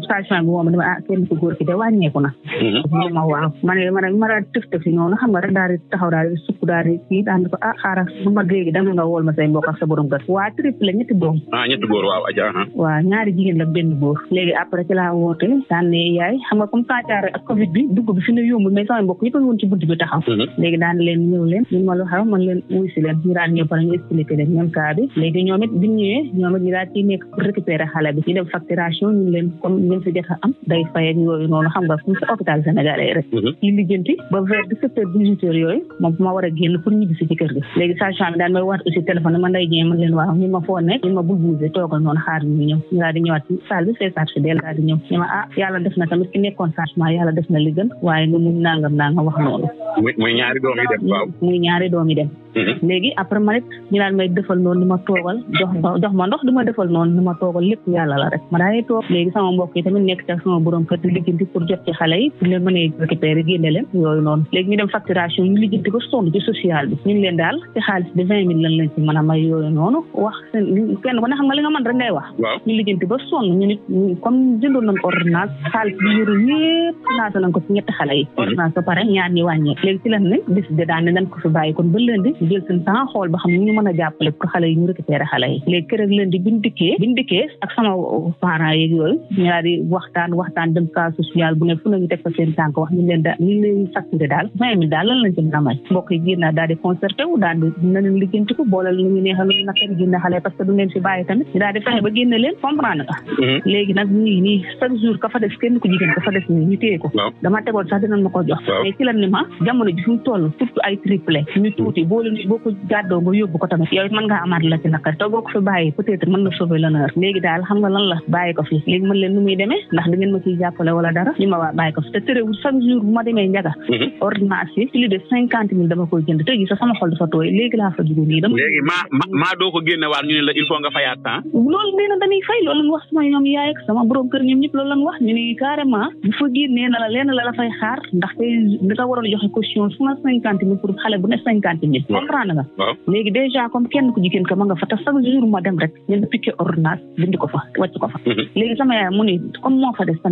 station bi moom dama ah kenn ku góor ki de wàññeeku na mm-hmm. waaw man leen wuy si leen ñu daan bi daal ciy nekk récupéré xale bi ñu dem facturation ñu leen ngeen fi dexa am day fay ak yooyu noonu xam nga suñu si hôpital sénégalais rek yi mhm. lijjanti ba vers dix-sept heures dix yooyu moom ma war a génn pour ñibbi si ci kër gi léegi sage-femme bi daan may waat aussi téléphone man leen waaw ñu ma foo nekk ñu ma bul bougé di ñëwaat ci salle bi fi del daal di ñëw ñu ah yàlla def na tamit ki nekkoon changement yàlla def na li gën waaye nu mu nangam nangam wax noonu muy muy ñaari doom yi dem waaw. muy ñaari mm-hmm. léegi après ma rek ñu daan may defal noonu li ma toogal jox ma jox ma ndox di ma defal noon li ma toogal lépp yàlla la rek ma daanee toog léegi sama mbokk yi tamit nekk ca sama borom kër di lijjanti pour jot ci xale yi pour leen mën a récupérer génne leen ko sonn ci social bi ñu leen daal ci xaalis bi vingt mille lan ci mën a may yooyu noonu wax seen kenn ku ne xam nga li nga man rek ngay wax ñu lijjanti ba sonn ñu nit comme jëndoon nañ ordonnance xaalis bi yoru yëpp naasa nañ ko ci ñetti xale yi mm-hmm. ordonnance ba pare ñaar ñi wàññee léegi ci lan nag décidé ne dañ ko fi bàyyi kon ba lundi jël suñu temps xool a jàppale pour xale yi ñu récupéré xale ak sama parents yooyu ñu waxtaan waxtaan dem cas social bu ne fu nañu teg fa seen tànk wax ñu leen chaque jour ka fa des kenn ku jigéen ka fa des nii ñu téye dama tegoon sax dinañ ma ko jox mais ci lan ni ma jamono ji fi mu toll surtout ay triplé ñu tuuti boo leen boo ko gàddoo nga yóbbu ko tamit yow it mën ngaa amaat la ci naqar te boo ko fi bàyyi peut-être mën na sauver l'honneur léegi daal xam nga lan la bàyyi ko fi léegi mën leen nu muy demee ndax da ngeen ma ciy jàppale wala dara ñu ma waa bàyyi ko fi te tërëwul chaque jour bu ma demee njaga mhm. ordonnance yi plus de cinquante mille dama koy jënd te gi sa sama xol dafa tooy léegi laa fa dugg nii dama léegi maa maa doo ko génne waat ñu ne la il faut nga fayaat temps loolu nee na dañuy fay loolu lañ wax sama ñoom yaay ak sama borom kër ñoom ñëpp loolu lañ wax ñu ne carrément bu fa génnee na la leen la la fay xaar ndax tey da nga waroon joxe ko caution fu na cinquante mille pour xale bu comme kenn ku jigéen ka ma nga fa te chaque jour ma dem rek ñu piqué ordonnance bindi ko fa wàcc ko fa mhm. moo fa des ah,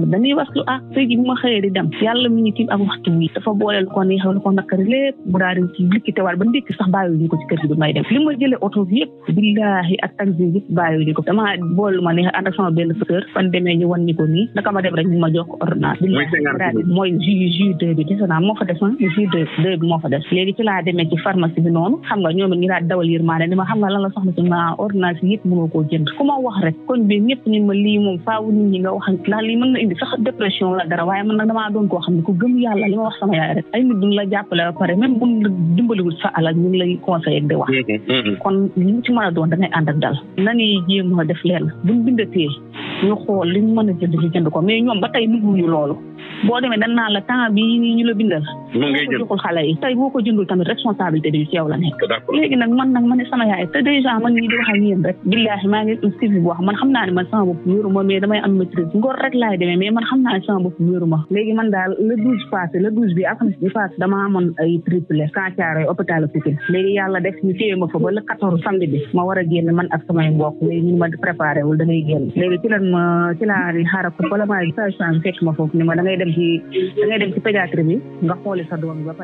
ko ni xewal ko nakkari lépp ba ndékki sax bàyyi ñu ko may dem li ko dama boolu ma ni ànd ak sama benn sœur fan demee ñu wan ñu ko nii naka ma dem rek ñu ma jox ordonnance mooy jus jus de bi dese naa moo fa desoon J2 2 bi moo fa des léegi ci laa demee ci pharmacie bi noonu xam nga ñoom it ñu daal dawal yërmaane ni ma xam nga la soxna si ma ordonnance yëpp mënoo koo jënd a da ngay ànd ak dal nanuy jéem a def leen buñ a ko mais ñoom ba tey nugguñu loolu boo demee dañ la temps bi ñu la bindal ko xale yi tey boo ko jëndul tamit responsabilité bi ci yow la nekk léegi nag man nag ma ne sama yaay te déjà man ñii di wax ak yéen rek billaahi maa ngi suivi bu wax man xam naa ne man sama bopp wéeruma mais damay am maîtrise ngor rek laay demee mais man xam naa ne sama bopp wéeruma léegi man daal le douze passé le douze bi alxames bi passé dama amoon ay triple cancaaro hôpital Pikine léegi yàlla def ñu téye ma fa ba le quatorze samedi bi ma war a génn man ak samay mbokk léegi ñu ma préparé wul da ngay génn léegi ci lan ma ci laa xaaral ko bala maa sage femme fekk ma foofu ni ma da ngay dem ci da ngay dem ci pédiatrie bi nga xooli sa doom Gracias.